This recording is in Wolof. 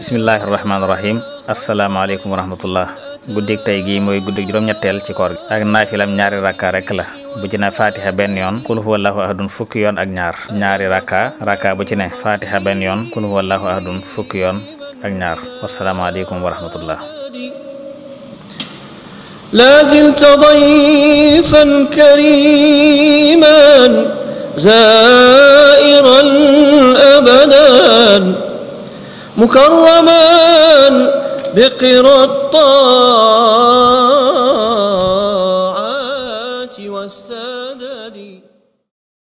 bismillaahi rahmaani rahiim asalaamaaleykum wa rahmatullah guddik tey gii mooy guddik juróom-ñetteel ci koor gi ak naafilam ñaari rakka rek la bu ci ne fatiha benn yoon kul huwallahu ahadun fukki yoon ak ñaar ñaari rakka rakka bu ci ne fatiha benn yoon kul huwallahu ahadun fukki yoon ak ñaar wasalaamaaleykum wa rahmatullah لازلت ضيفا كريما زائرا أبدا مكرما بقرى الطاعات والسدد